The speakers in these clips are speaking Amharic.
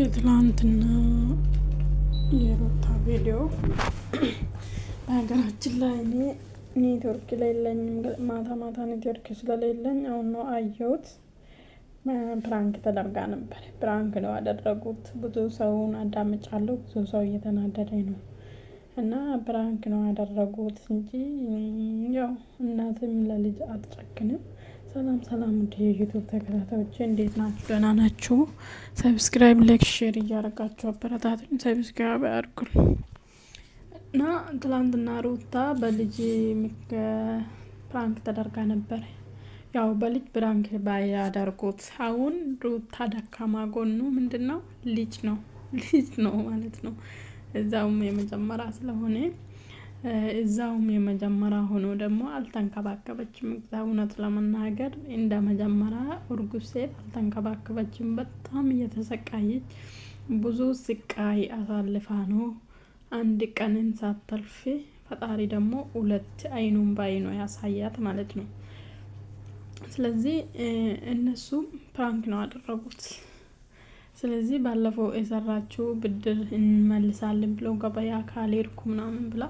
የትላንትና የሩታ ቪዲዮ በሀገራችን ላይ እኔ ኔትወርክ የለኝም። ማታ ማታ ኔትወርክ ስለሌለኝ አሁን ነው አየሁት። ፕራንክ ተደርጋ ነበር። ፕራንክ ነው ያደረጉት። ብዙ ሰውን አዳምጫለሁ። ብዙ ሰው እየተናደደ ነው እና ፕራንክ ነው ያደረጉት እንጂ ያው እናትም ለልጅ አትጨክንም። ሰላም ሰላም እንደ የዩቱብ ተከታታዮች እንዴት ናችሁ? ደህና ናችሁ? ሰብስክራይብ፣ ላይክ፣ ሼር እያደረጋችሁ አበረታቱኝ። ሰብስክራይብ አድርጉል እና ትላንትና ሩታ በልጅ ፕራንክ ተደርጋ ነበር። ያው በልጅ ፕራንክ ባያደርጉት አሁን ሩታ ደካማ ጎኑ ምንድን ነው? ልጅ ነው ልጅ ነው ማለት ነው። እዛውም የመጀመሪያ ስለሆነ እዛውም የመጀመሪያ ሆኖ ደግሞ አልተንከባከበችም። እውነት ለመናገር እንደ መጀመሪያ እርጉዝ ሴት አልተንከባከበችም። በጣም እየተሰቃየች ብዙ ስቃይ አሳልፋ ነው አንድ ቀንን ሳታልፍ ፈጣሪ ደግሞ ሁለት አይኑን በአይኑ ያሳያት ማለት ነው። ስለዚህ እነሱም ፕራንክ ነው አደረጉት። ስለዚህ ባለፈው የሰራችው ብድር እንመልሳለን ብለው ገበያ ካልሄድኩ ምናምን ብላ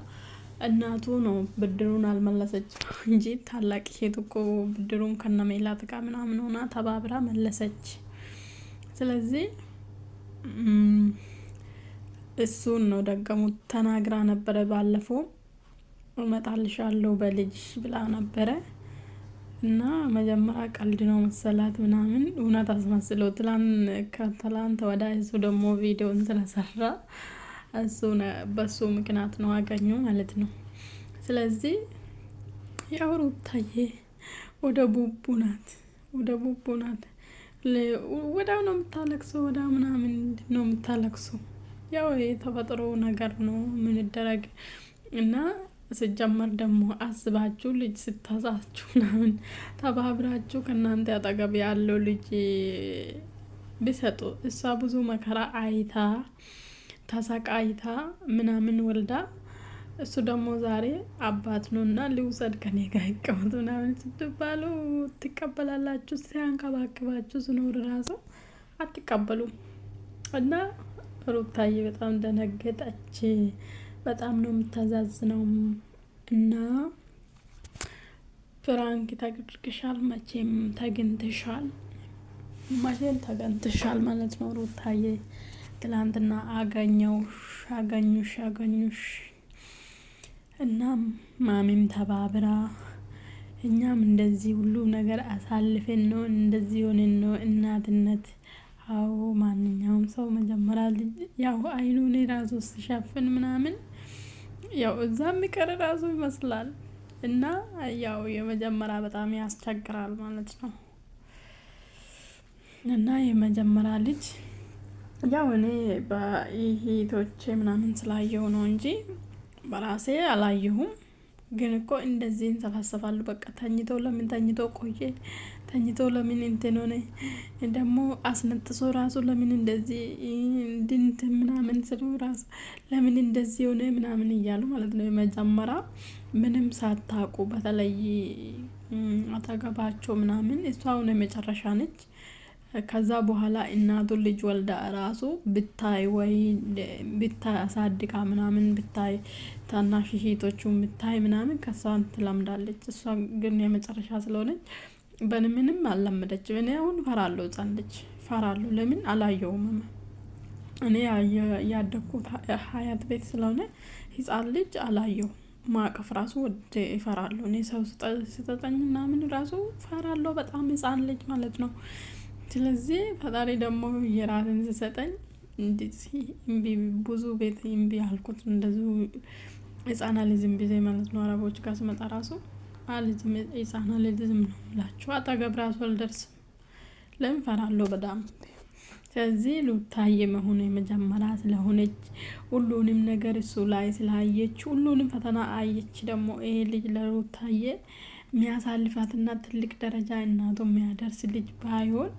እናቱ ነው ብድሩን አልመለሰች እንጂ ታላቅ ሴት እኮ ብድሩን ከነሜላት ጥቃ ምናምን ሆና ተባብራ መለሰች። ስለዚህ እሱን ነው ደገሙ ተናግራ ነበረ። ባለፈው እመጣልሻለሁ በልጅሽ ብላ ነበረ እና መጀመሪያ ቀልድ ነው መሰላት ምናምን እውነት አስመስለው ትላንት ከትላንት ወዳ እሱ ደግሞ ቪዲዮን ስለሰራ በሱ ምክንያት ነው አገኘው ማለት ነው። ስለዚህ ያው ሩታዬ ወደ ቡቡ ናት፣ ወደ ቡቡ ናት። ወዳው ነው የምታለቅሰው፣ ወዳ ምናምን ነው የምታለቅሰው። ያው የተፈጥሮ ነገር ነው ምንደረግ እና ስጀመር ደግሞ አስባችሁ ልጅ ስታዛችሁ ምናምን ተባብራችሁ ከእናንተ አጠገብ ያለው ልጅ ቢሰጡ እሷ ብዙ መከራ አይታ ተሰቃይታ ምናምን ወልዳ እሱ ደግሞ ዛሬ አባት ነው እና ልውሰድ ከኔ ጋር ይቀመጥ ምናምን ስትባሉ ትቀበላላችሁ? ሲያንከባክባችሁ ስኖር ራሱ አትቀበሉም። እና ሩታዬ በጣም ደነገጠች። በጣም ነው የምታዛዝነው። እና ፍራንክ ተግድግሻል፣ መቼም ተግንትሻል፣ መቼም ተገንትሻል ማለት ነው ሩታዬ ትላንትና አገኘውሽ አገኙሽ አገኙሽ እናም ማሚም ተባብራ እኛም እንደዚህ ሁሉ ነገር አሳልፈን ነው እንደዚህ ሆነን ነው እናትነት። አዎ ማንኛውም ሰው መጀመሪያ ልጅ ያው አይኑን ራሱ ሲሸፍን ምናምን ያው እዛ የሚቀር ራሱ ይመስላል እና ያው የመጀመሪያ በጣም ያስቸግራል ማለት ነው እና የመጀመሪያ ልጅ ያው እኔ በይሄቶቼ ምናምን ስላየው ነው እንጂ በራሴ አላየሁም። ግን እኮ እንደዚህ እንሰፋሰፋሉ። በቃ ተኝቶ ለምን ተኝቶ ቆየ፣ ተኝቶ ለምን እንትን ሆነ፣ ደግሞ አስነጥሶ ራሱ ለምን እንደዚህ እንድንት ምናምን ስሉ ራሱ ለምን እንደዚህ ሆነ ምናምን እያሉ ማለት ነው። የመጀመሪያ ምንም ሳታቁ በተለይ አጠገባቸው ምናምን እሷ ሆነ መጨረሻ ነች። ከዛ በኋላ እናቱ ልጅ ወልዳ ራሱ ብታይ ወይ ብታይ አሳድጋ ምናምን ብታይ ታናሽ ሂቶቹን ብታይ ምናምን ከሷን ትለምዳለች። እሷ ግን የመጨረሻ ስለሆነች በምንም አላመደች። እኔ አሁን ፈራለሁ፣ ህጻን ፈራለሁ። ለምን አላየውም። እኔ ያደግኩት ሀያት ቤት ስለሆነ ህጻን ልጅ አላየው ማቀፍ ራሱ ወደ ይፈራለሁ። እኔ ሰው ስጠጠኝ ምናምን ራሱ ፈራለሁ። በጣም ህጻን ልጅ ማለት ነው ስለዚህ ፈጣሪ ደግሞ የራስን ስሰጠኝ እንዲህ ብዙ ቤት እምቢ አልኩት። እንደዚሁ ህጻና ልጅ እምቢ ማለት ነው። አረቦች ጋር ስመጣ ራሱ አልጅም ህጻና ልጅ ዝም ነው ምላችሁ። አጠገብ ራሱ አልደርስም። ለምን ፈራለሁ በጣም ስለዚህ ሉታዬ መሆኑ የመጀመሪያ ስለሆነች ሁሉንም ነገር እሱ ላይ ስላየች ሁሉንም ፈተና አየች። ደግሞ ይሄ ልጅ ለሉታዬ የሚያሳልፋትና ትልቅ ደረጃ እናቶ የሚያደርስ ልጅ ባይሆን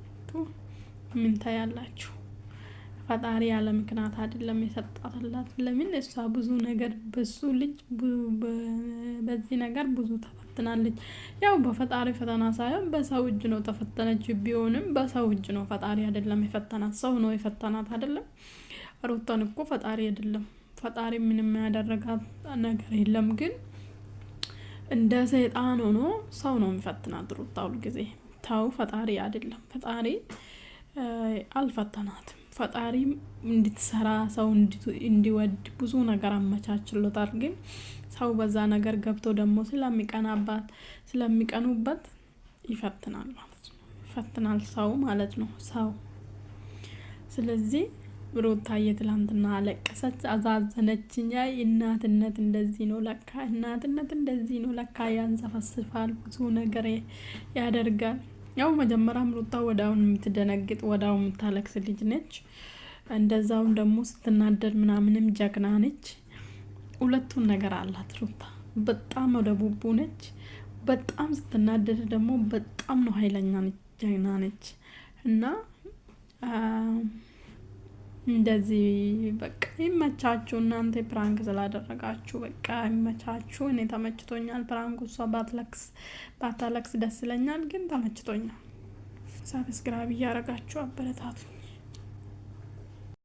ምን ታያላችሁ? ፈጣሪ ያለ ምክንያት አይደለም የሰጣትላት። ለምን እሷ ብዙ ነገር በሱ ልጅ በዚህ ነገር ብዙ ተፈትናለች። ያው በፈጣሪ ፈተና ሳይሆን በሰው እጅ ነው ተፈተነች። ቢሆንም በሰው እጅ ነው፣ ፈጣሪ አይደለም የፈተናት፣ ሰው ነው የፈተናት። አይደለም ሩታን እኮ ፈጣሪ አይደለም፣ ፈጣሪ ምንም ያደረጋት ነገር የለም። ግን እንደ ሰይጣን ሆኖ ሰው ነው የሚፈትናት ሩታ ሁልጊዜ የፈታው ፈጣሪ አይደለም። ፈጣሪ አልፈተናትም። ፈጣሪ እንድትሰራ ሰው እንዲወድ ብዙ ነገር አመቻችሎታል። ግን ሰው በዛ ነገር ገብቶ ደግሞ ስለሚቀናባት ስለሚቀኑበት ይፈትናል ማለት ነው። ይፈትናል ሰው ማለት ነው ሰው ስለዚህ ሩታዬ ትላንትና አለቀሰች፣ አዛዘነችኛ። እናትነት እንደዚህ ነው ለካ፣ እናትነት እንደዚህ ነው ለካ፣ ያንሰፈስፋል፣ ብዙ ነገር ያደርጋል። ያው መጀመሪያም ሩታ ወዳውን የምትደነግጥ ወዳው የምታለቅስ ልጅ ነች። እንደዛውም ደግሞ ስትናደድ ምናምንም ጀግና ነች። ሁለቱን ነገር አላት ሩታ። በጣም ወደ ቡቡ ነች። በጣም ስትናደድ ደግሞ በጣም ነው ኃይለኛ ነች፣ ጀግና ነች እና እንደዚህ በቃ ይመቻችሁ። እናንተ ፕራንክ ስላደረጋችሁ በቃ ይመቻችሁ። እኔ ተመችቶኛል ፕራንኩ። እሷ ባትለቅስ ባታለቅስ ደስ ይለኛል፣ ግን ተመችቶኛል። ሳብስክራይብ እያረጋችሁ አበረታቱ።